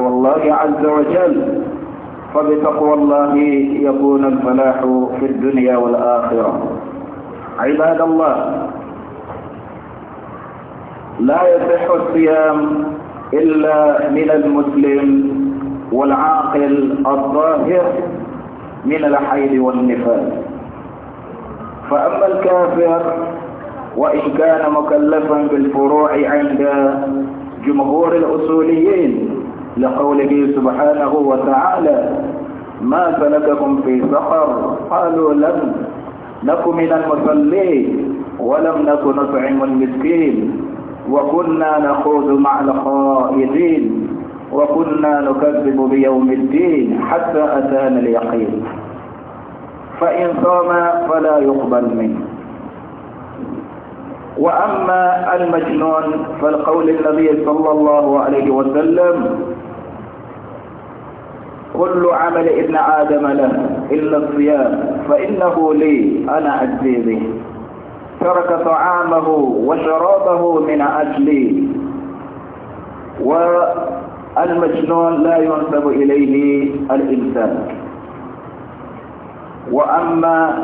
والله عز وجل فبتقوى الله يكون الفلاح في الدنيا والآخرة عباد الله لا يصح الصيام إلا من المسلم والعاقل الظاهر من الحيل والنفاق فأما الكافر وإن كان مكلفا بالفروع عند جمهور الأصوليين لقوله سبحانه وتعالى ما سلككم في سقر قالوا لم نك من المصلين ولم نك نطعم المسكين وكنا نخوض مع الخائضين وكنا نكذب بيوم الدين حتى أتانا اليقين فإن صام فلا يقبل منه وأما المجنون فالقول النبي صلى الله عليه وسلم كل عمل ابن آدم له إلا الصيام فإنه لي أنا أجزي به ترك طعامه وشرابه من أجلي والمجنون لا ينسب إليه الإنسان وأما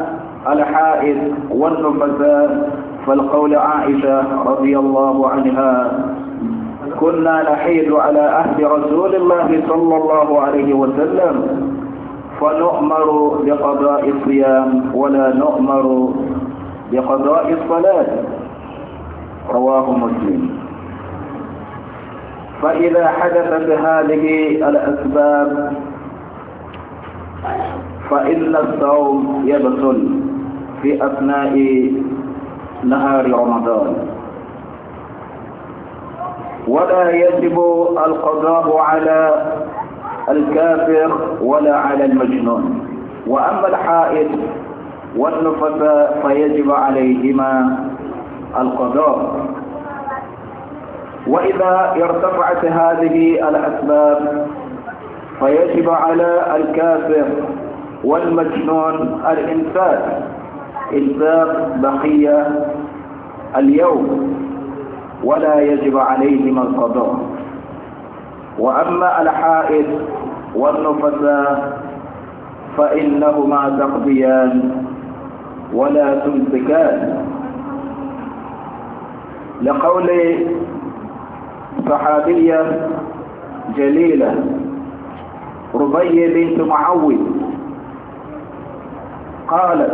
الحائض والنفساء فالقول عائشة رضي الله عنها كنا نحيد على عهد رسول الله صلى الله عليه وسلم فنؤمر بقضاء الصيام ولا نؤمر بقضاء الصلاة رواه مسلم فإذا حدثت هذه الأسباب فإن الصوم يبطل في أثناء نهار رمضان ولا يجب القضاء على الكافر ولا على المجنون وأما الحائط والنفساء فيجب عليهما القضاء وإذا ارتفعت هذه الأسباب فيجب على الكافر والمجنون الإنفاق إنفاق بقية اليوم ولا يجب عليهما القضاء وأما الحائض والنفساء فإنهما تقضيان ولا تمسكان لقول صحابية جليلة ربيع بنت معوذ قالت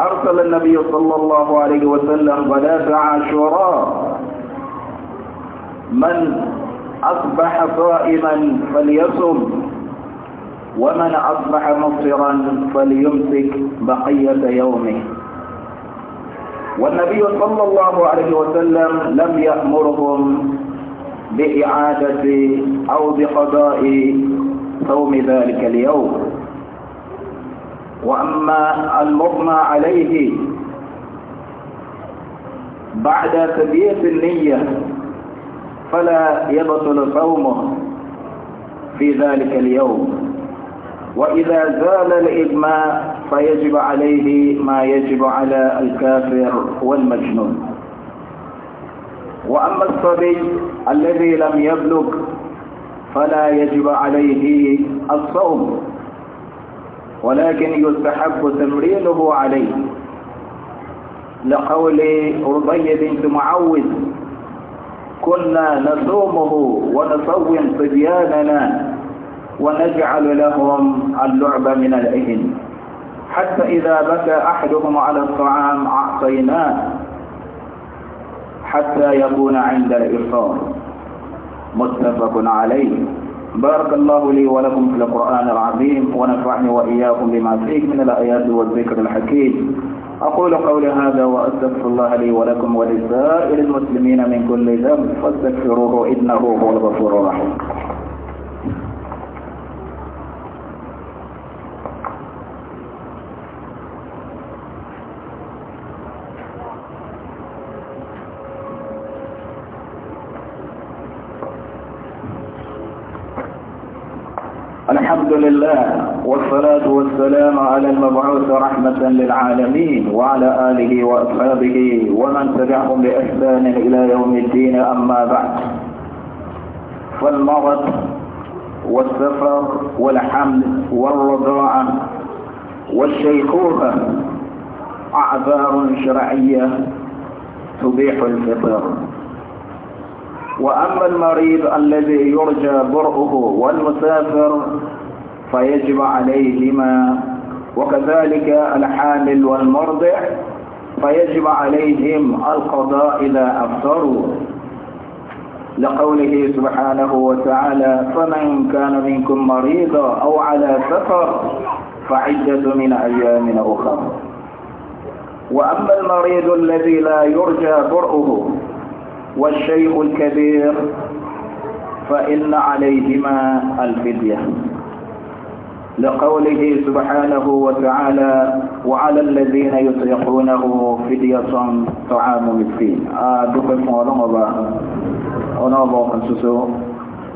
أرسل النبي صلى الله عليه وسلم غداة عاشوراء من أصبح صائما فليصم ومن أصبح مفطرا فليمسك بقية يومه والنبي صلى الله عليه وسلم لم يأمرهم بإعادة أو بقضاء صوم ذلك اليوم وأما المغمى عليه بعد تبية النية فلا يبطل صومه في ذلك اليوم وإذا زال الاغماء فيجب عليه ما يجب على الكافر والمجنون وأما الصبي الذي لم يبلغ فلا يجب عليه الصوم ولكن يستحب تمرينه عليه لقول رضي بنت معوذ كنا نصومه ونصوم صبياننا ونجعل لهم اللعب من الإهن حتى إذا بكى أحدهم على الطعام أعطيناه حتى يكون عند الإفطار متفق عليه بارك الله لي ولكم في القرآن العظيم ونفعني وإياكم بما فيه من الآيات والذكر الحكيم أقول قولي هذا وأستغفر الله لي ولكم ولسائر المسلمين من كل ذنب فاستغفروه إنه هو الغفور الرحيم الحمد لله والصلاة والسلام على المبعوث رحمة للعالمين وعلى آله وأصحابه ومن تبعهم بإحسان إلى يوم الدين أما بعد فالمرض والسفر والحمل والرضاعة والشيخوخة أعذار شرعية تبيح الفطر وأما المريض الذي يرجى برؤه والمسافر فيجب عليهما وكذلك الحامل والمرضع فيجب عليهم القضاء إذا أفطروا لقوله سبحانه وتعالى فمن كان منكم مريضا أو على سفر فعدة من أيام أخرى وأما المريض الذي لا يرجى برؤه والشيخ الكبير فإن عليهما الفدية لقوله سبحانه وتعالى وعلى الذين يطيقونه فدية طعام مسكين آه، أنا ونوبة آه، ونوبة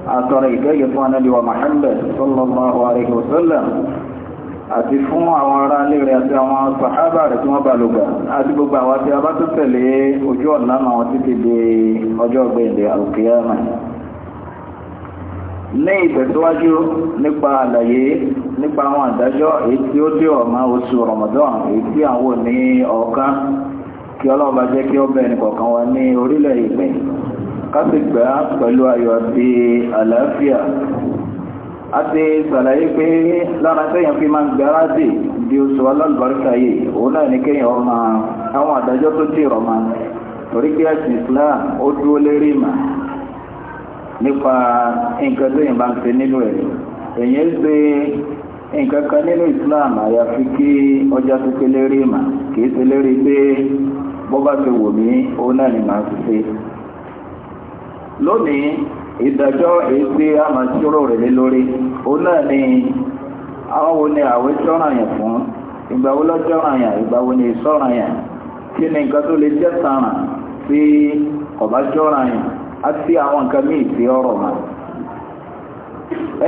أتريك أترى لي ومحمد صلى الله عليه وسلم àti fún àwọn ará ilé rẹ̀ àti àwọn sàhábà rẹ̀ tí wọ́n bá lògbà àti gbogbo àwọn tí a bá tó tẹ̀lé ojú ọ̀nà àwọn títí di ọjọ́ ọ̀gbẹ̀ndẹ̀ àlùkìyàmà ní ìtẹ̀síwájú nípa àlàyé nípa àwọn àdájọ́ èyí tí ó dé ọ̀mà oṣù Ramadan èyí tí àwọn ní ọ̀kan kí ọlọ́ọ̀bá jẹ́ kí ó bẹ̀rẹ̀ kọ̀ọ̀kan wa ní orílẹ̀ ìpín kásìgbà pẹ̀lú ayọ̀ àti àlàáfíà a ti sàlàyé pé lára tẹ́yàn fi máa gbáradì di oṣù alábàríkà yìí òun náà ní kéèyàn ọmọ àwọn àdájọ́ tó dì rọ̀mà torí pé ẹ̀sìn Islam ó dúró lérí mà nípa nǹkan tẹ́yàn bá ń ṣe nínú ẹ̀ èyàn ṣe nǹkan kan nínú Islam àyàfi kí ọjà tó pé lérí mà kìí ṣe lérí pé bó ti wò mí òun náà ni màá fi ṣe lónìí ìdájọ́ èyí tí a máa ṣírò rẹ̀ lé lórí o náà ni àwọn wo ni àwẹ̀ sọ́ranyàn fún ìgbà wo lọ́jọ́ ranyàn ìgbà ni kí ni nǹkan tó lè jẹ́ sàràn sí ọ̀bá sọ́ranyàn àti àwọn nǹkan míì sí ọ̀rọ̀ mà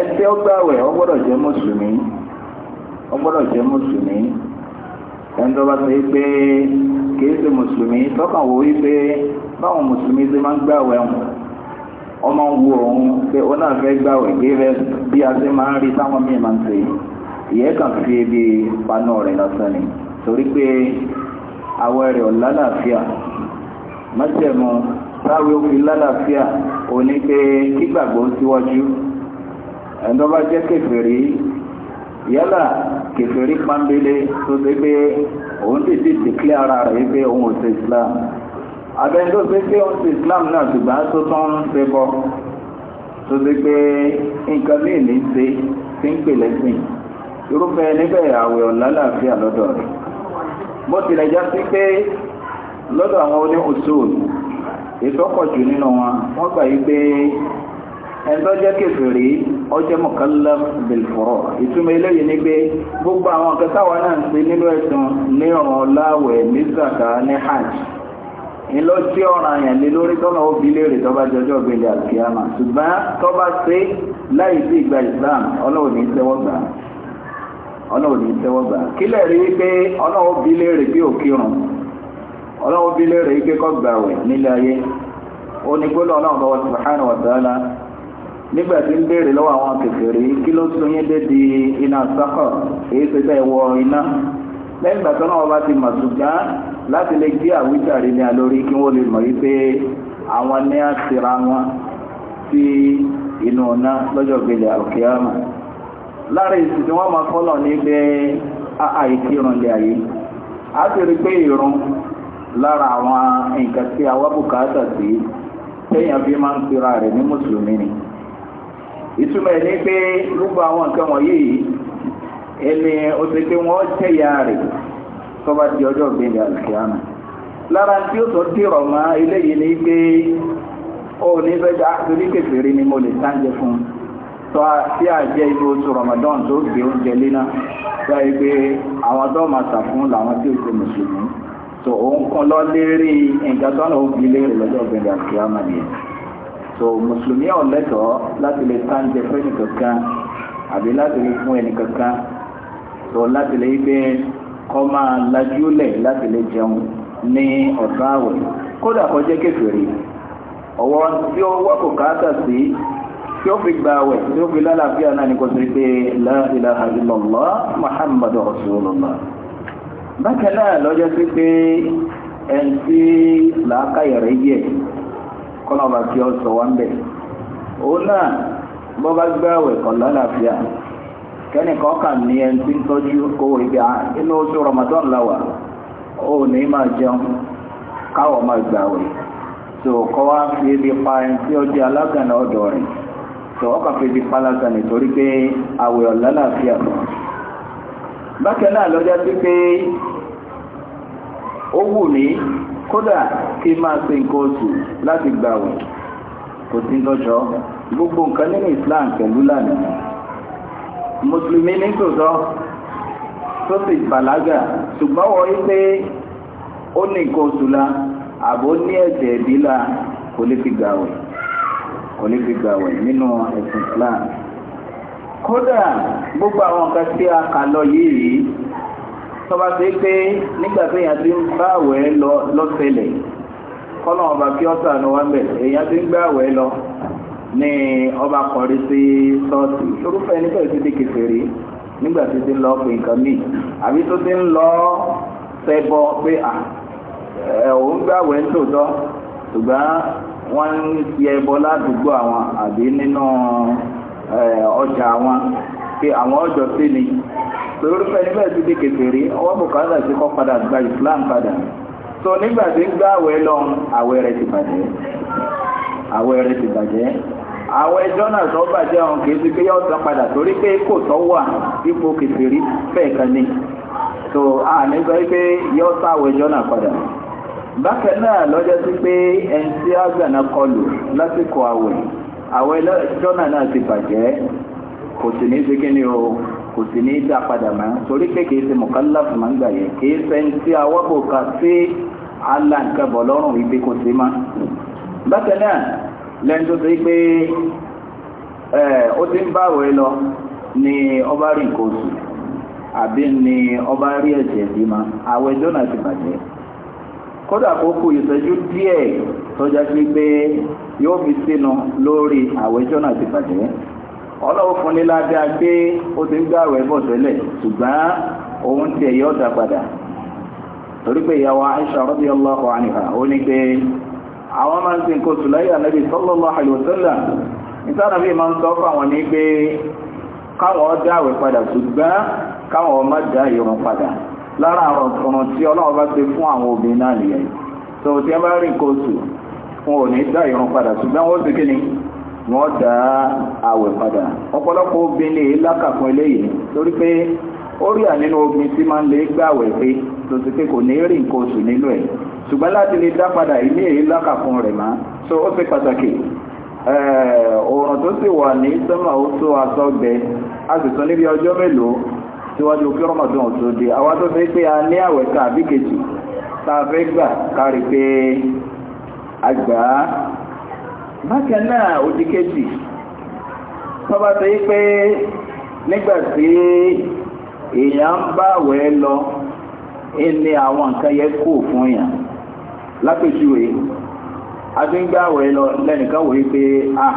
ẹtí ó gbọ́dọ̀ jẹ́ mùsùlùmí ó gbọ́dọ̀ jẹ́ mùsùlùmí ẹni tó bá pé ṣe mùsùlùmí ọmọ ń wo òun pé ó náà fẹ́ gbà wẹ̀ gẹ́gẹ́ bí a ṣe máa ń rí táwọn míì máa ń ṣe ìyẹn kàn fi ebi paná rẹ̀ lọ́sàn ni torí pé àwọ̀ rẹ̀ ò lálàáfíà mọ́tẹ̀mú táwé ó fi lálàáfíà ò ní pé kígbàgbọ́ síwájú ẹ̀ńdọ́ bá jẹ́ kẹfìrí yálà kẹfìrí pàmbélé tó ṣe pé òun tètè dìklẹ́ ara rẹ̀ pé òun ò ṣe Islam àbẹ́ni tó ṣe pé wọ́n ti Islam náà ṣùgbọ́n tó tán ń ṣe bọ́ tó ṣe pé nǹkan míì ní ṣe ti ń pè lẹ́sìn irúfẹ́ níbẹ̀ àwẹ̀ ọ̀làlàáfíà lọ́dọ̀ rẹ̀ bó tilẹ̀ já sí pé lọ́dọ̀ àwọn oní usul ìtọ́kọ̀jù nínú wọn wọ́n gbà yí pé ẹ̀ńtọ́ jẹ́ kèfèrí ọjọ́ mọ̀kánlá bẹ̀lfọ̀rọ̀ ìtumọ̀ eléyìí ni pé gbogbo àwọn kẹtàwá náà ń ṣe nínú ẹ̀sùn ní ọ̀rọ̀ láwẹ̀ ní zaka ní hajj ńlọ tí ọ̀ràn àyàn lé lórí tọ́nà òbí léèrè tọ́ba jọjọ́ gbélé àlùkìyàmà ṣùgbọ́n tọ́ba ṣe láì sí ìgbà Islam ọlọ́wọ́ ní tẹ́wọ́ gbà ọlọ́wọ́ ní tẹ́wọ́ gbà kílẹ̀ rí wípé ọlọ́wọ́ bí léèrè bí òkírun ọlọ́wọ́ bí léèrè wípé kọ́ gbàwẹ̀ nílé ayé onígbólọ́ ọlọ́wọ́ bá wà subhanahu wa ta'ala nígbà tí ń béèrè lọ́wọ́ àwọn kèfèrí kí ló sún yín dé di iná sákọ̀ èyí ṣe tẹ́ wọ iná lẹ́yìn ìgbà tó náà ti mọ̀ ṣùgbọ́n láti lè gbé àwíjàre ní alórí kí wọ́n lè mọ̀ wípé àwọn ní àṣírà wọn sí inú ọ̀nà lọ́jọ́ gbélé àkíyàmà lára èsì tí wọ́n máa kọ́lọ̀ ní pé a ti rí pé ìrún lára àwọn nǹkan tí bùkátà sí máa ń rẹ̀ ní mùsùlùmí ni ìtumọ̀ ẹ̀ ní pé gbogbo àwọn nǹkan wọ̀nyí ẹni ó ti pé wọ́n tó bá di ọjọ́ ìgbéyìí àlùkìyàmù lára tí ó tó dìrọ̀ mọ́ eléyìí ni pé ó ní fẹ́ já torí kékeré ni mo lè sáńjẹ fún tó a tí a jẹ́ ibi oṣù Ramadan tó gbé oúnjẹ léná tó yẹ pé àwọn tó máa tà fún làwọn tí ó ti mùsùlùmí tó òun kan lọ lérí nǹkan tó náà ó fi léèrè lọ́jọ́ ìgbéyìí àlùkìyàmù nìyẹn so mùsùlùmí ọ̀lẹ́tọ̀ láti lè sáńjẹ fún ẹnìkankan àbí láti lè fún ẹnìkankan so láti lè gbé kọ́ máa lajúlẹ̀ láti lè jẹun ní ọ̀sán àwẹ̀ kódà kó jẹ́ kèfèrí ọwọ́ tí ó wọ́ kò káàtà sí tí ó fi gba àwẹ̀ tí ó fi lálàáfíà náà ní kò sí pé la ilaha illallah muhammadu rasulullah bákan náà lọ́jọ́ sí pé ẹni tí làákàyè rẹ̀ yẹ kọ́nà bá fi ọ sọ wá ń bẹ̀ òun náà bọ́ bá gbé àwẹ̀ kan kẹ́nìkan kà ní ẹni tí ń tọ́jú owó ibi inú oṣù Ramadan láwà ó ní ma jẹun káwọ̀ ma gbàwẹ̀ tó kọ́ wá fi ibi pa ẹni tí ó di alágànà ọ̀dọ̀ rẹ̀ tó ọkà fi ibi pa alágànà torí pé àwẹ̀ ọ̀lálàáfíà lọ náà sí pé ó wù ní kódà kí máa nǹkan oṣù gbogbo nǹkan nínú Islam pẹ̀lú lánàá mùsùlùmí ní tòótọ́ tó sì bàlágà ṣùgbọ́n wọ́n yí pé ó ní nǹkan oṣù la àbó ní ẹ̀jẹ̀ ẹ̀bí la kò lè fi gbàwẹ̀ kò lè fi gbàwẹ̀ nínú ẹ̀sìn Islam kódà gbogbo àwọn nǹkan tí a kà lọ yìí tọ́ba ṣe pé nígbà tí èèyàn ti ń bá àwẹ̀ lọ lọ́sẹ̀lẹ̀ kọ́nà ọba kí ọ́sà ni wọ́n bẹ̀ èèyàn ti ń gbà àwẹ̀ lọ ní ọba kọrí sí ṣọ́ọ̀ṣì irúfẹ́ nígbà tí ti kèfèrí nígbà tí ti ń lọ pé nǹkan míì àbí tó ti ń lọ ṣẹbọ pé òun gbàwẹ̀ ń tòótọ́ ṣùgbọ́n wọ́n ń fi ẹbọ ládùúgbò àwọn àbí nínú ọjà wọn pé àwọn ọjọ́ sí ni irúfẹ́ nígbà tí ti kèfèrí ọwọ́ bùkátà ti kọ́ padà gba Islam padà so nígbà tí ń gbàwẹ̀ lọ àwẹ̀ rẹ̀ ti bàjẹ́ àwẹ̀ rẹ̀ ti bàjẹ́ àwọn ẹjọ́ náà tó bàjẹ́ àwọn kìí ti gbé yọ̀ tán padà torí pé kò tọ́ wà ipò kìfìrí bẹ́ẹ̀ kan ni so a ní sọ pé yọ̀ tán àwọn ẹjọ́ náà padà bákan náà lọ́jọ́ sí pé ẹni tí àgbàna kọlù lásìkò àwẹ̀ àwọn ẹjọ́ náà náà ti bàjẹ́ kò sì ní ṣe kí ni o kò sì ní dá padà mọ́ torí pé kìí ṣe mukallaf máa ń gbà yẹ kìí ṣe ẹni tí awọ́bò kà sí alàǹkàbọ̀ lọ́rùn ibi kò sí mọ́ bákan náà lẹ́yìn tó ti pé ó ti ń báwẹ̀ lọ ni ọba rí nǹkan oṣù àbí ọba rí ẹ̀jẹ̀ ẹjọ́ náà ti bàjẹ́ kódà kó kù ìṣẹ́jú díẹ̀ tọ́já sí pé yóò fi sínú lórí àwẹ̀ ẹjọ́ náà ti bàjẹ́ ọlọ́wọ́ ní ládàá pé ó ti ń bọ̀ tẹ́lẹ̀ ṣùgbọ́n òun dá padà torí àwọn máa ń ṣe nǹkan oṣù láyé ànábì sallallahu alaihi wasallam ìtànàbí máa ń sọ fún àwọn ní pé káwọn dá padà ṣùgbọ́n káwọn má dá ìrun padà lára àwọn tí ọlọ́run bá ṣe fún àwọn obìnrin náà nìyẹn tó ẹ bá rí dá padà ṣùgbọ́n wọ́n ti kí ni wọ́n dá àwẹ̀ padà ọ̀pọ̀lọpọ̀ obìnrin lákàkún eléyìí pé ó rí obìnrin tí máa ń lè gbàwẹ̀ pé tó ti pé kò ní rí nǹkan ṣùgbọ́n láti lè dá padà ìní èyí lákàkún rẹ̀ má so ó ṣe pàtàkì òòrùn tó sì wà ní sọ́mà ó tó aṣọ gbẹ a sì tún níbi ọjọ́ mélòó síwájú kí rọmọdún tó dé àwa tó fẹ́ pé a ní àwẹ̀ ká àbí kejì tá a fẹ́ gbà kárí pé a gbà á bákan náà ó kejì tó bá ṣe pé nígbà tí èèyàn bá wẹ̀ lọ ní àwọn nǹkan yẹ kó fún yàn lápèjúwe a ti ń gbààwẹ̀ lọ lẹ́nìkan wòye pé a ah,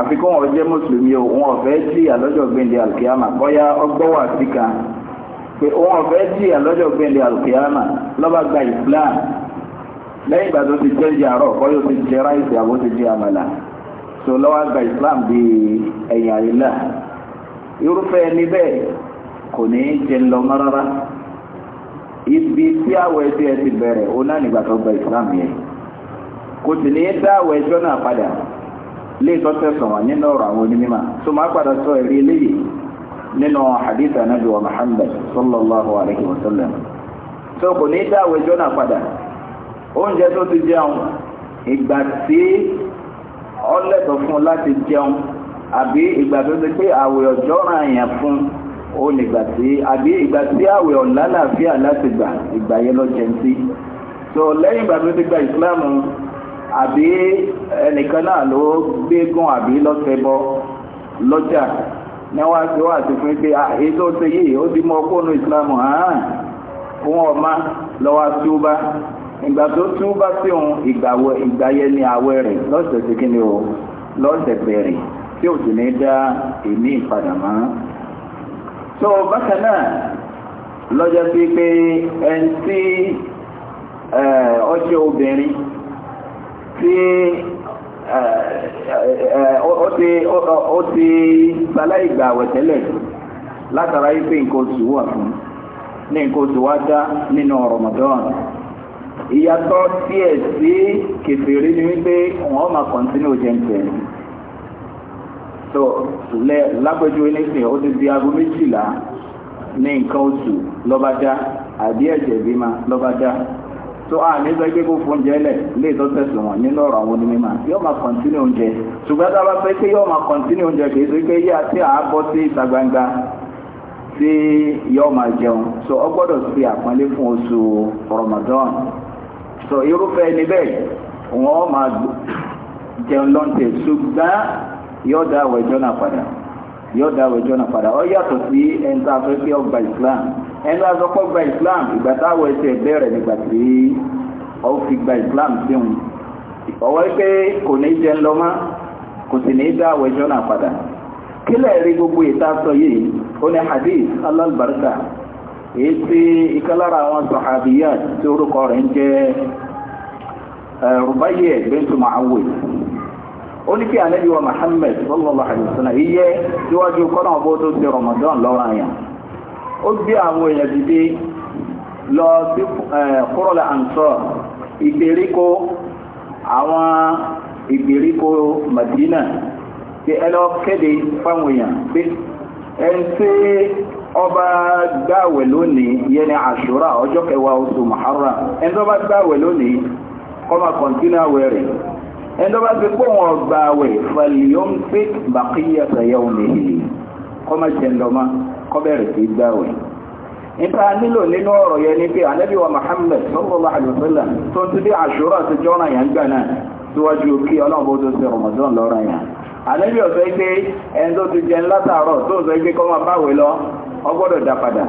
àfikún ọjẹ́ mùsùlùmí o wọn ọ̀fẹ́ tí àlọ́jọ́ gbẹ̀ndẹ̀ alkiyama bọ́yá ọgbọ́wà sí kan pé wọn ọ̀fẹ́ tí àlọ́jọ́ gbẹ̀ndẹ̀ alkiyama lọ́ba gba islam lẹ́yìn ìgbà tó ti jẹ́ ìjẹ́ àárọ̀ kọ́ yóò ti jẹ́ ráìsì àbó ti jẹ́ àmàlà so lọ́wọ́ gba islam di ẹ̀yìn àrílà irúfẹ́ ẹni bẹ́ẹ̀ kò ní í lọ mọ́ ibi tí àwọ̀ ẹjọ́ ẹ ti bẹ̀rẹ̀ ó náà nígbà tó gba islam yẹn kò sì ní dá àwọ̀ ẹjọ́ náà padà lè tọ́tẹ̀ sọ̀wọ́n nínú ọ̀rọ̀ àwọn onímọ̀ tó máa padà sọ ẹ̀rí eléyìí nínú hadith wa muhammad sallallahu alayhi wa sallam tó kò ní dá àwọ̀ ẹjọ́ náà padà oúnjẹ tó ti jẹun ìgbà tí ọlẹ́tọ̀ fún láti jẹun àbí ti pé ọjọ́ ràn ó lè gbà tí àbí ìgbà tí àwẹ̀ ọ̀la làáfíà láti gbà ìgbà yẹn lọ jẹun sí so lẹ́yìn ìgbà tó ti gba ìsìláàmù àbí ẹnìkan náà ló gbégún àbí lọ́sẹ̀ bọ́ lọ́jà níwáá tí wà sí fún pé ètò ṣe yìí ó ti mọ kóònù ìsìláàmù hàn fún ọmọ lọ́wọ́ túbá ìgbà tó túbá sí òun ìgbà yẹn ni àwẹ̀ rẹ̀ lọ́sẹ̀ sí kí ni o lọ́sẹ̀ bẹ̀rẹ̀ tí ò sì ní dá èmi ìpadà mọ́. tó bákan náà lọ́jọ́ sí pé ẹn tí ọjọ́ obìnrin tí ó ti sáláì gbà àwẹ̀ tẹ́lẹ̀ látara yí pé nǹkan oṣù wà fún ní nǹkan oṣù wá dá nínú Ramadan ìyàtọ̀ díẹ̀ sí kèfèrè ní wípé wọ́n máa kọ̀ntínú jẹ́ so lẹ lápẹjọ eléyìí ó ti di aago méjìlá ní nǹkan oṣù lọ́bàjá àbí ẹ̀jẹ̀ lọba lọ́bàjá so a ní sọ pé kó lẹ̀ lè tó tẹ̀sùn wọn nínú ọ̀rọ̀ àwọn onímọ̀ yóò máa kọ̀ntínú oúnjẹ ṣùgbọ́n tá a pé yóò máa oúnjẹ kì í ṣe pé yíyá tí a bọ́ sí ìta gbangba tí yóò máa jẹun so ọ gbọ́dọ̀ àpọ́nlé fún oṣù Ramadan so irúfẹ́ ẹni bẹ́ẹ̀ wọ́n máa yóò dá àwọn ẹjọ́ náà padà yóò dá àwọn ẹjọ́ náà padà ó yàtọ̀ sí ẹni tá a fẹ́ pé ọgbà Islam ẹni tá a sọ pé ọgbà Islam ìgbà táwọn ẹsẹ̀ bẹ̀rẹ̀ nígbà tí ó fi gba Islam síhun ọwọ́ pé kò ní jẹun lọ mọ́ kò sì ní dá àwọn ẹjọ́ náà padà kílẹ̀ rí gbogbo ìta sọ yìí ó ní hadith alálùbáríkà èyí tí ìkálára àwọn sọ̀hábíyà tí orúkọ rẹ̀ ń jẹ́ Rubayya bintu ó ní kí ànábì wa Muhammad sallallahu alaihi wasallam iyẹ́ síwájú kọ́nà ọ̀bọ̀ tó ti Ramadan lọ́rọ̀ àyàn ó gbé àwọn èèyàn dìde lọ sí kúrọ̀lá àǹsọ̀ ìgbèríko àwọn ìgbèríko Madina pé ẹ lọ kéde fáwọn èèyàn pé ẹ ń ṣe ọba gbàwẹ̀ lónìí yẹn ni àṣúrà ẹni tó bá fi pé wọn gba àwẹ̀ fàlìyàn pé bàkíyà sàyà òní hìlì kọ́má jẹ̀ndọ́má kọ́bẹ̀rẹ̀ sí gbà àwẹ̀ nípa nílò nínú ọ̀rọ̀ yẹn ni pé ànábì wa Muhammad sallallahu alaihi wasallam tó ti dé àṣúrà àti jọ́nà yẹn gbà náà síwájú kí ọlọ́run bó tó ṣe Ramadan lọ́rọ̀ yẹn ànábì ọ̀sẹ̀ pé ẹni tó ti jẹun látàárọ̀ tó ń sọ pé kọ́má báwẹ̀ lọ ọgbọ́dọ̀ dá padà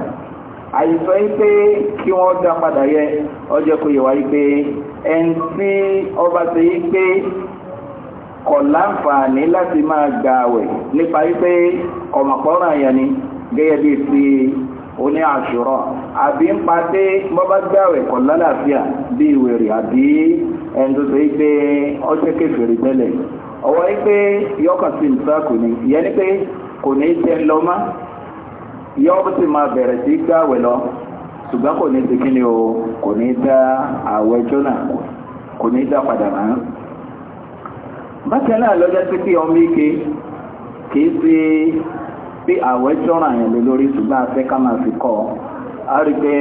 àyíṣọ́ ipé kí wọ́n dá padà yẹ ọjọ́ kò yẹ̀wà ipé ẹn tí ọba ṣe wípé kò láǹfààní láti máa gba àwẹ̀ nípa ipé ọ̀mọ̀pọ̀ràn àyàn gẹ́gẹ́ bí ti oní àṣùrọ̀ àbí ń pa dé bọ́bá lálàáfíà bí ìwèrè àbí ẹni tó ṣe wípé ọjọ́ kẹfìrì tẹ́lẹ̀ ọwọ́ wípé yọkàn sí pé kò ní lọ́mọ́ yọ́ọ́ ti máa bẹ̀rẹ̀ sí gbààwẹ̀ lọ ṣùgbọ́n kò ní ti kí ni o kò ní dá àwẹ̀ jọ́nà kò ní dá padà rán. bákan náà lọ́jọ́ sí pé ọmọ ike kìí ṣe pé àwẹ̀ jọ́nà yẹn lè lórí ṣùgbọ́n afẹ́ ká fi kọ́ a rí pé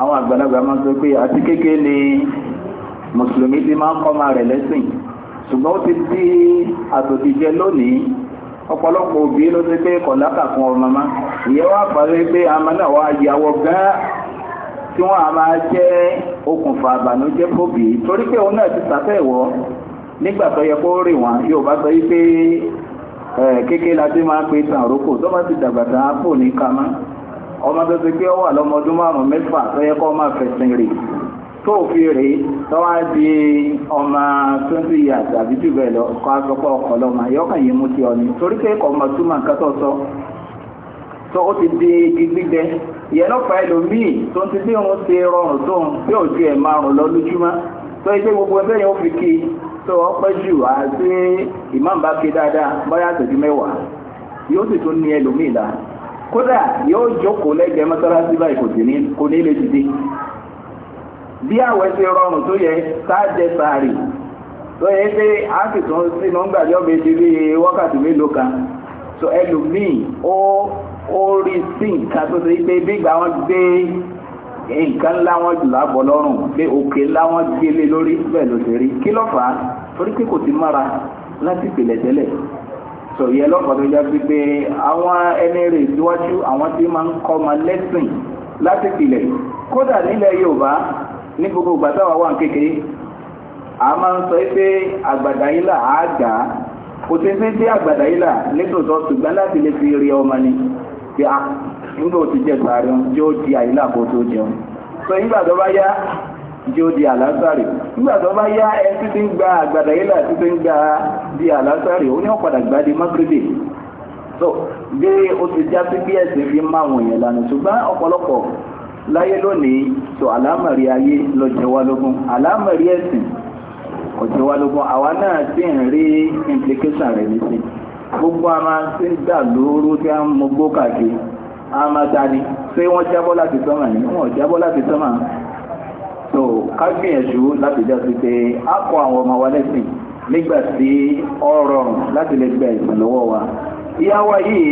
àwọn àgbàlagbà máa sọ pé mùsùlùmí ti máa ń kọ́ máa rẹ̀ lẹ́sìn ṣùgbọ́n ó ti àtòjìjẹ ọ̀pọ̀lọpọ̀ òbí ló ti pé kọ̀ látàkùn ọmọ má ìyẹ́ wá parí pé àmà náà wá yàwọ̀ gán tí wọ́n a máa jẹ́ okùnfà àbànújẹ́ fòbí torí pé òun náà ti sàfẹ́ ìwọ́ nígbà tó yẹ kó rì wọ́n yóò bá sọ wípé kékeré la ti máa ń pe tàn àrókò tó bá ti dàgbà tán á pò ní kámá ọmọ tó ti pé ó wà márùn mẹ́fà tó yẹ kó máa fẹ̀sìn rè tóòfin rèé lọ́wọ́ di ọmọ twenty years àbí jù bẹ́ẹ̀ lọ kọ́ àgbọ̀pọ̀ ọkọ̀ lọ́mọ yọkàn yìí mú ti ọ ni torí pé kò mọ̀ túmọ̀ nǹkan sọ tó ti di igi gbígbẹ ìyẹn náà fa ẹlòmíì tó ń ti bí òun ṣe rọrùn òjú ẹ̀ tó gbogbo ẹgbẹ́ yẹn ó fi kí tó jù àti dáadáa mẹ́wàá yóò sì tún ní ẹlòmíì kódà yóò jókòó lẹ́gbẹ̀ẹ́ bí àwẹ̀ ṣe rọrùn tó yẹ sáàjẹ sàárì tó yẹ pé a sì tún sínú gbàdí ọ̀bẹ ti rí wákàtí mélòó kan so ẹlòmíì ó ó rí sí nǹkan tó ṣe pé bí ìgbà wọn gbé nǹkan ńlá wọn jù lábọ̀ lọ́rùn pé òkè ńlá wọn gbélé lórí bẹ́ẹ̀ ló ṣe rí kí ló torí pé kò ti mára láti pèlẹ̀ tẹ́lẹ̀ sọ yẹ lọ́pàá tó já pípé àwọn ẹni rè síwájú àwọn tí máa ń kọ́ ọmọ lẹ́sìn láti pìlẹ̀ kódà nílẹ̀ Yorùbá ní gbogbo ìgbà táwa wà kékeré a máa ń sọ pé àgbàdá yìí là á gbà á kò sí sí sí àgbàdá yìí là nítòótọ́ ṣùgbọ́n láti lè fi rí ọmọ ni pé a ah, nígbà ó ti jẹ sàárẹ̀ jẹ́ ó di àyílà kó tó jẹun sọ nígbà tó bá yá jẹ́ ó di àlásàrì nígbà tó bá yá ẹ títí ń gba àgbàdá yìí là títí ń gba di àlásàrì ó ní ọ̀padà gbá di mágírèdè so bí ó ti já sí bí ẹ̀sìn fi máa wọ̀nyẹn lánàá ṣùgbọ́n ọ̀pọ̀lọpọ̀ láyé lónìí tó àlámọ̀rí ayé ló jẹ wá lógún àlámọ̀rí ẹ̀sìn kò jẹ wá lógún àwa náà sì ń rí implication rẹ̀ nísì gbogbo a máa ti ń dà lóru tí a ń mogbó káàkiri a máa dání ṣé wọ́n jábọ́ láti sọ́mà ni wọ́n jábọ́ láti sọ́mà so ká gbìyànjú láti jẹ́ sí pé a kọ àwọn ọmọ wa lẹ́sìn nígbà tí ó rọrùn láti lè gba ìsìn lọ́wọ́ wa ìyá yìí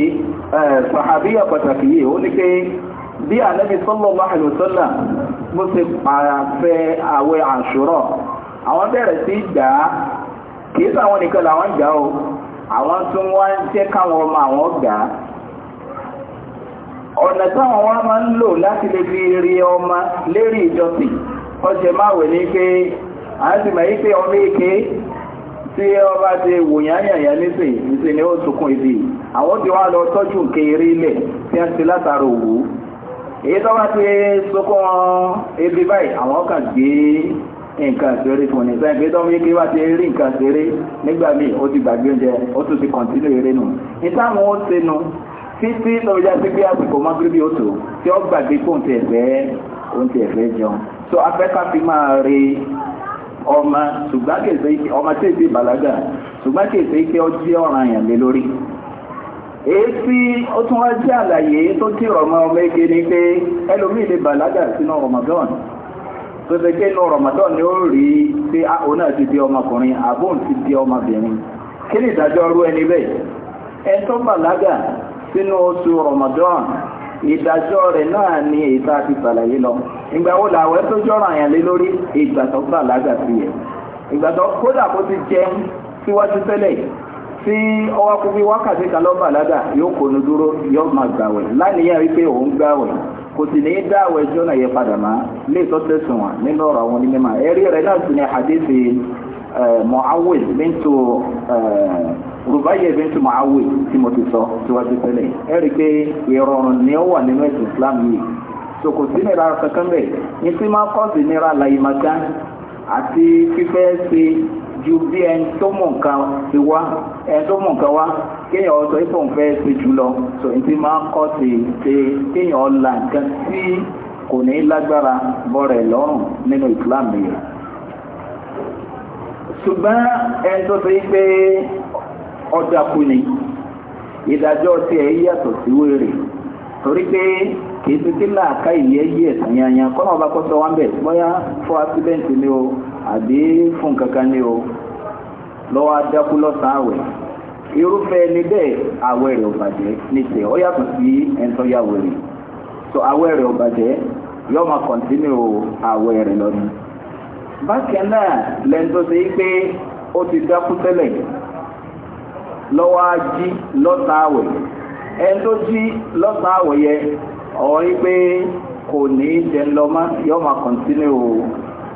sàhábíyà pàtàkì yìí ó ní pé bí ànábì sallallahu alaihi wasallam bó ṣe pàṣẹ àwẹ̀ àṣúrà àwọn bẹ̀rẹ̀ sí gbà á kìí sáwọn nìkan làwọn gbà ó àwọn tún wá ń jẹ́ káwọn ọmọ àwọn gbà á ọ̀nà táwọn wá máa ń lò láti lè fi rí ọmọ lérí ìjọsìn ọjẹ́ máa wẹ̀ ní pé a ti mọ̀ wípé ọmọ èké tí ọba ti wòyányàyà nísìn ìsìn ni ó sunkún ibi àwọn ti wá lọ tọ́jú nǹkan eré ilẹ̀ tí wọ́n ti látara òwú èyí tó bá ti sókó wọn ebi báyìí àwọn kan gbé nǹkan ìṣeré fún ní sẹ́yìn pé tọ́mí kí wá ti rí nǹkan ìṣeré nígbà míì ó ti gbàgbé oúnjẹ ó tún ti kọ̀ǹtínú eré nù ìtàwọn ó ṣe nu títí lọ́jà sí pé àsìkò mọ́gíríbì ó tó tí ó gbàgbé fóun ti ẹ̀fẹ́ òun ti ẹ̀fẹ́ jẹun so afẹ́ká fi máa re ọmọ èéfí ó tún wá jẹ́ àlàyé tó tí ọmọ ọmọ ege ni pé ẹlòmí lè bàlágà sínú Ramadan tó fẹ́ gé inú Ramadan ni ó rí pé ah, ti di ọmọkùnrin àbóhùn ti di ọmọbìnrin kí ni ìdájọ́ ọrú ẹni bẹ́ẹ̀ ẹni tó bàlágà sínú oṣù Ramadan ìdájọ́ rẹ̀ náà ni èyí ti sàlàyé lọ ìgbà wo tó àyàn lé lórí ìgbà tó sí ẹ̀ ìgbà tó tí ọwọ́ kú bí wákàtí lọ́ bàlágà yóò dúró gbàwẹ̀ wípé òun gbàwẹ̀ kò sì ní náà yẹ padà má lè tọ́ tẹ̀sùn nínú ọ̀rọ̀ àwọn onímọ̀ ẹ̀rí rẹ̀ náà sì tí mo ti sọ síwájú tẹ́lẹ̀ pé ìrọ̀rùn ni ó wà nínú ẹ̀sìn Islam yìí so kò sí nira kankan bẹ́ẹ̀ ní máa kọ́ sí nira ju bí ẹni tó mọ̀ nǹkan ti wá ẹni tó mọ̀ nǹkan wá kéèyàn ọ̀sọ̀ ìfọ̀n fẹ́ ṣe jù lọ sọ èyí tí máa ń kọ́ sí ṣe kéèyàn la nǹkan tí kò ní lágbára bọ̀rẹ̀ lọ́rùn nínú ìsìláàmù yẹn. ṣùgbọ́n ẹni tó ṣe pé ọjà kù ni ìdájọ́ tí ẹ yàtọ̀ sí wèrè torí pé kì í ti kí làákà ìyẹ́ yẹ̀ tàyànyàn kọ́nà ọba kọ́sọ́ wá ń bẹ̀ bóyá fọ́ accident ni o àbí fún kankan ní o lọ́wọ́ adákú lọ́sàn-án àwẹ̀ irúfẹ́ ẹni bẹ́ẹ̀ àwẹ̀ rẹ̀ ò bàjẹ́ ní tẹ̀ ó yàtọ̀ sí ẹni tó yà wẹ̀rẹ̀ so àwẹ̀ rẹ̀ ò bàjẹ́ yóò máa kọ̀ntínú àwẹ̀ rẹ̀ lọ́nu. bákan náà lẹ́nu tó ṣe é pé ó ti dákú tẹ́lẹ̀ lọ́wọ́ á jí lọ́sàn-án àwẹ̀ ẹni jí lọ́sàn àwẹ̀ yẹ ọ̀rí pé kò ní í jẹun lọ mọ́ máa kọ̀ntínú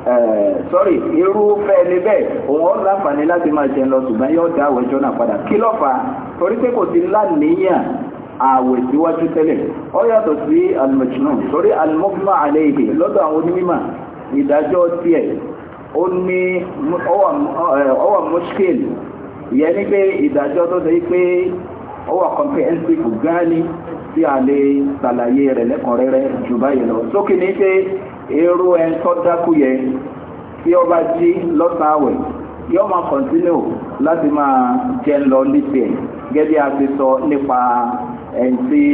Eh, sọ́rí irúfẹ́ ẹni bẹ́ẹ̀ òun ọ̀ láǹfààní láti máa jẹun lọ ṣùgbọ́n yóò dá àwẹ̀ jọ́nà padà kí ló fà á torí pé kò ti láníyàn àwẹ̀ síwájú tẹ́lẹ̀ ó yàtọ̀ sí al-majnun torí al-mughma alayhi lọ́dọ̀ àwọn onímọ̀ ìdájọ́ tiẹ̀ ó ní ọwà mushkil ìyẹn ní pé ìdájọ́ tó ṣe pé ọwà comprehensive gan ni tí a lè ṣàlàyé rẹ̀ lẹ́kọ̀ọ́rẹ́rẹ́ jù báyìí lọ sókè ní pé èrò ẹni tó dákú yẹ tí ó bá jí lọ́sàn-án àwẹ̀ yóò máa kọ̀ntínú láti máa jẹ ń lọ létí ẹ̀ gẹ́gẹ́ a ti sọ nípa ẹni tí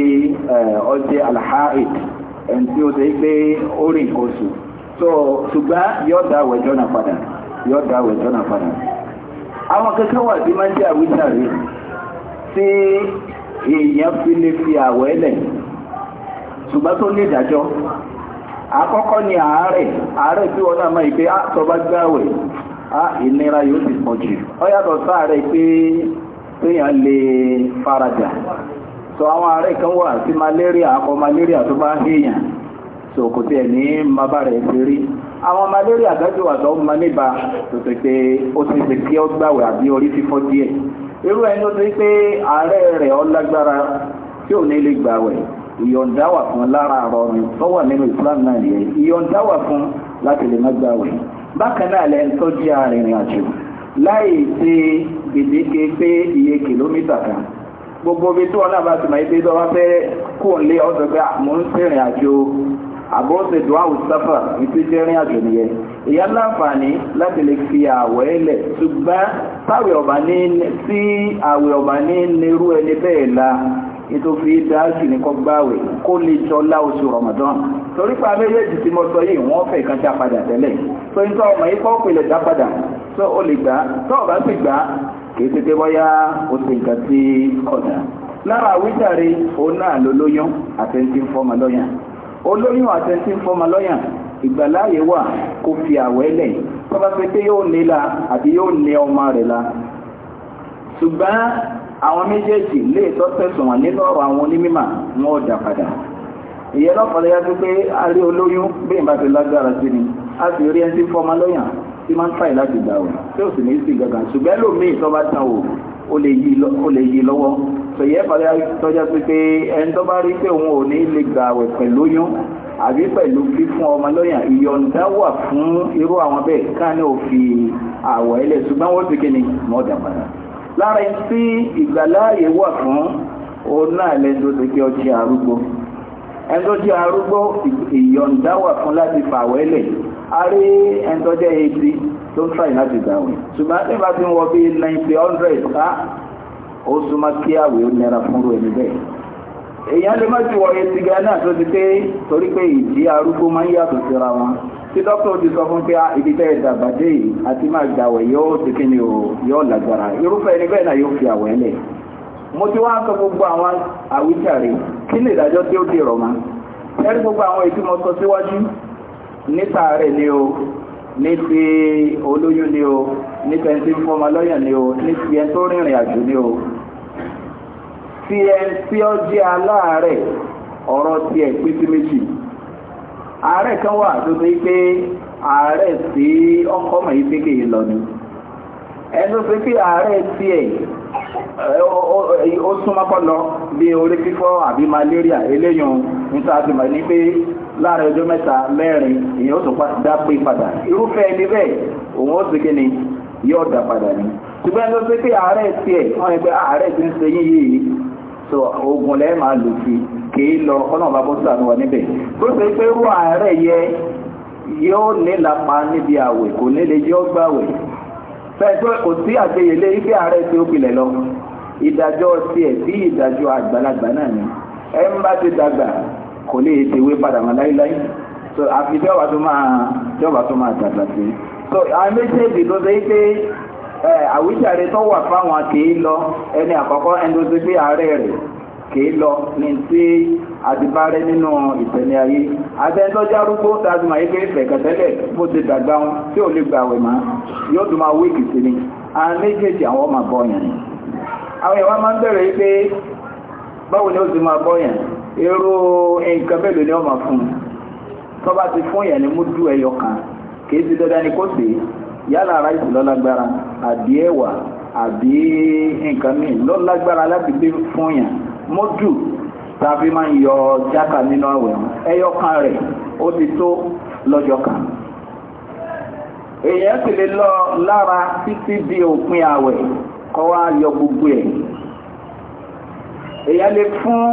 ọjẹ́ eh, alhaid ẹni tí ó ti gbé orí nǹkan oṣù so ṣùgbọ́n yóò dá àwẹ̀ jọ́nà padà yóò dá àwẹ̀ jọ́nà padà àwọn kẹ́kẹ́ wà tí máa ń jẹ́ àwíjàre tí èèyàn fi lè fi àwẹ̀ lẹ̀ ṣùgbọ́n tó ní ìdájọ́ Akọkọ ni àárẹ̀ tí wọ́n náà mọ̀ ìpé àtọ́bá ah, gbáwẹ̀ ah, ìnira yóò ti pọ̀ jù ọ yàtọ̀ sáàrẹ̀ pé péyàn lè farajà so àwọn ààrẹ kan wà sí malaria akọ malaria tó bá héèyàn so kò tiẹ̀ ní mabàrẹ̀ àwọn malaria dájú wà tó tó ti pé ó ti kí ọ àbí orí fífọ́ díẹ̀ irú ẹni ti pé rẹ̀ ọ lágbára tí ò ní lè ìyọ̀ǹda wà fún lára àrọ̀ mi tó wà nínú Islam náà nìyẹn ìyọ̀ǹda wà fún láti lè má gbà wẹ̀ bákan náà lẹ́yìn tó jẹ́ arìnrìn àjò láì ṣe gbèdéke pé iye kìlómítà kan gbogbo ibi tí wọn náà bá ti mọ ibi tó wá fẹ́ kó lé ọ̀sẹ̀ pé mò ń sìnrìn àjò àbọ̀sẹ̀ dùn áwù sáfà ìtú jẹ́ rìn àjò nìyẹn ìyá láǹfààní láti lè fi àwẹ̀ lẹ̀ ṣùgbọ́n táwẹ̀ ọ̀bà ní sí àwẹ̀ ọ̀bà ní nírú ẹni bẹ́ẹ̀ la ètò fi dáàsì ní kọ́ gbáwẹ̀ kó lè jọlá oṣù Ramadan torí pa méjèèjì tí mo sọ yìí wọ́n fẹ́ kan já padà tẹ́lẹ̀ so ní tọ́ọ̀mọ̀ yìí kọ́ pèlè já padà so o lè gbà tọ́ọ̀ bá sì gbà kì í tètè bọ́yá o sì nǹkan sí ọ̀dà lára àwíjàre òun náà ló lóyún àtẹ̀ntì fọmọ lọ́yàn olóyún àtẹ̀ntì fọmọ lọ́yàn ìgbàláyé wà kó fi àwẹ̀ lẹ̀ tọ́ba pété yóò nílà àbí yóò ní ọmọ rẹ̀ la ṣùgbọ́n àwọn méjèèjì lè tọ́ tẹ̀sùn wọn nínú ọ̀rọ̀ àwọn onímọ̀ wọn ò dà padà ìyẹn lọ́pàá yá tó pé a rí olóyún bí ìbá ti lágbára sí ni a sì rí ẹni tí fọmọ lọ́yàn tí máa ń fàì láti gbà wò tí ó sì ní sí gàgà ṣùgbọ́n lómii tó bá tàn wò ó lè yí lọ́wọ́ tòyẹ́ pàdé tọ́já sí pé ẹni tó bá rí pé òun ò ní lè gbà wẹ̀ pẹ̀lú oyún àbí pẹ̀lú fífún ọmọ lọ́yàn ìyọ̀ǹda wà fún irú àwọn bẹ́ẹ̀ ká ní òfin àwọ̀ ẹlẹ̀ ṣùgbọ́n wọ́n ti kí ni mọ́ọ̀dà padà lára tí ìgbàláàyè wà fún òun náà lẹ́dọ́ tó jẹ́ ọjọ́ arúgbó ẹ̀ńtọ́jẹ́ arúgbó ìyọ̀ǹda wà fún láti fàwẹ́lẹ̀ arí ẹ̀ńtọ́jẹ́ eighty tó ń tàyè láti dàwẹ̀ ṣùgbọ́n tí bá ti ń wọ bí ninety hundred ká ó súnmọ́ kí àwẹ̀ ó nira fúnrú ẹni bẹ́ẹ̀. èyàn lè má ti wọ náà tó ti pé torí pé ìdí arúgbó máa ń yàtọ̀ síra wọn tí dókítà ti sọ fún pé ah, ibi tẹ́ àti máa yóò ti kí ni o yóò lágbára irúfẹ́ ẹni bẹ́ẹ̀ náà yóò fi àwẹ̀ lẹ̀ mo ti wá sọ gbogbo àwọn àwíjàre kí ni ìdájọ́ tí ó di gbogbo àwọn èyí tí mo sọ síwájú níta rẹ̀ ni o ní ti olóyún ni o tí ẹ tí ó jẹ́ aláàárẹ̀ ọ̀rọ̀ tí ẹ pín sí méjì àárẹ̀ kan wà tó ti pé àárẹ̀ tí ọkọ̀ mọ̀ yí pé kèye lọ ni ẹnu pé kí àárẹ̀ tí ẹ ó súnmọ́ kọ́ lọ bí orí fífọ́ àbí malaria eléyìí níta ti mọ̀ ní pé láàrin ọjọ́ mẹ́ta mẹ́rin èyí ó tún dá pé padà irúfẹ́ ẹni bẹ́ẹ̀ òun ó sì kí ni yóò dá padà ni ṣùgbọ́n ẹni tó ṣe pé àárẹ̀ tiẹ̀ wọ́n ní pé àárẹ̀ ti ń ṣe yín yìí so oògùn lẹ́ẹ̀ máa lò sí kìí lọ ọlọ́run bá bọ́ sànù wà níbẹ̀ tó ṣe pé irú ààrẹ yẹ yóò nílapa níbi àwẹ̀ kò nílé yóò gbàwẹ̀ fẹ́ẹ̀tọ́ kò sí àṣeyẹlé ibi ààrẹ tí ó pilẹ̀ lọ ìdájọ́ tiẹ̀ sí ìdájọ́ àgbàlagbà náà ni ẹ ń bá ti dàgbà kò lè tèwé padà mọ́ láíláí so àfi jọba tó máa jọba tó máa dàgbà sí so àwọn méjèèjì ló ṣe é pé àwíjàre tó wà fáwọn kìí lọ ẹni àkọ́kọ́ ẹni tó ti gbé ààrẹ rẹ̀ kìí lọ ní tí nínú ìtẹ̀lẹ̀ ayé ayé pé fẹ̀kẹ̀tẹ́lẹ̀ bó ti dàgbà wọn tí ò lè yóò tún máa sí ni a méjèèjì àwọn máa bọ́ ni àwọn ìwà máa ń bẹ̀rẹ̀ pé báwo ni ó ti máa bọ́ irú nǹkan mélòó ni ó fún bá ti fún yẹn ni mú dú ẹyọ kan ti dandan yálà ráìsì lọ́lágbára àbí ẹ̀wà àbí nǹkan míì lọ́lágbára láti gbé fún yàn mọ́dù tàbí máa ń yọ jáka nínú àwẹ̀ ẹyọkan rẹ̀ ó ti tó lọ́jọ́ kan èèyàn sì lè lọ lára títí di òpin àwẹ̀ kọ́ wá yọ gbogbo ẹ̀ èèyàn lè fún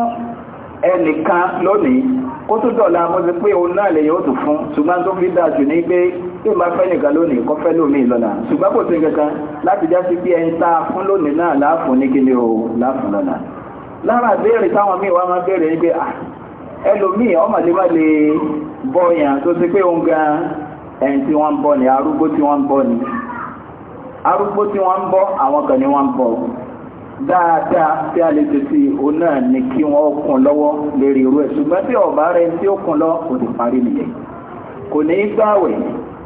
ẹnìkan lónìí kó tó dọ̀la mo ti pé òun náà lè yóò tún fún ṣùgbọ́n tó fi dáa jù ní pé tí ìbá fẹ́ nìkan lónìí kọ́ fẹ́ lọ́la ṣùgbọ́n kò sí kankan láti jásí sí ẹni tá lónìí náà láàfún ní kíni o láàfún lọ́la lára béèrè táwọn míì wá máa béèrè ni pé ah, ẹlòmíì ọmọdébàlè yàn tó ti pé òun gan ẹni tí wọ́n ń ni arúgbó tí wọ́n ń arúgbó tí wọ́n ń àwọn kan ni wọ́n dáadáa tí a lè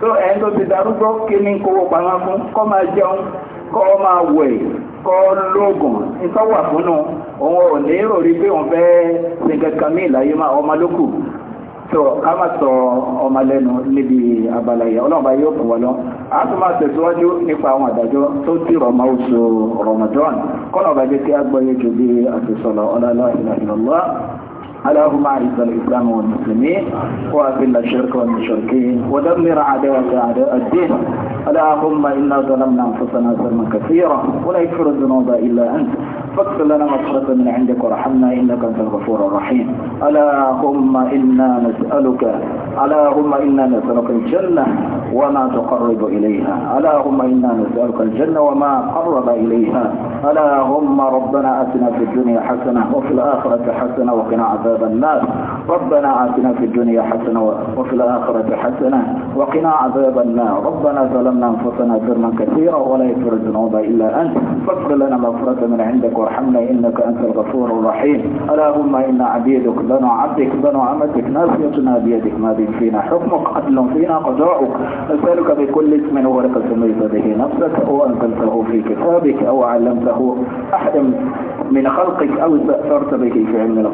tó ẹni tó ti darúgbó kí ní kówó pamọ́ fún kọ́ máa jẹun kọ́ máa wẹ̀ kọ́ lóògùn ìtọ́wà fúnnu òun ò ní rò pé òun fẹ́ mí ìlàyé máa ọmọ a sọ ọmọ lẹ́nu níbi abala yẹn ọlọ́ọ̀bá yóò kù wọ́n lọ a tún máa tẹ̀síwájú nípa àwọn àdájọ́ tó ti oṣù a gbọ́ bí اللهم اعز الاسلام والمسلمين واذل الشرك والمشركين ودمر اعداءك اعداء الدين اللهم انا ظلمنا انفسنا ظلما كثيرا ولا يغفر الذنوب الا انت فاغفر لنا مغفرة من عندك وارحمنا إنك أنت الغفور الرحيم اللهم إنا نسألك اللهم إنا نسألك الجنة وما تقرب إليها اللهم إنا نسألك الجنة وما قرب إليها اللهم ربنا أتنا في الدنيا حسنة وفي الآخرة حسنة وقنا عذاب النار ربنا آتنا في الدنيا حسنة وفي الآخرة حسنة وقنا عذاب النار ربنا ظلمنا أنفسنا ظلما كثيرا ولا يفرج الذنوب إلا أنت فاغفر لنا مغفرة من عندك وارحمنا إنك أنت الغفور الرحيم اللهم إنا عبيدك بنو عبدك بنو عمتك ناصيتنا بيدك ماض فينا حكمك عدل فينا قضاؤك نسألك بكل اسم ورقه سميت به نفسك أو أنزلته في كتابك أو علمته أحد من خلقك أو استأثرت به في علم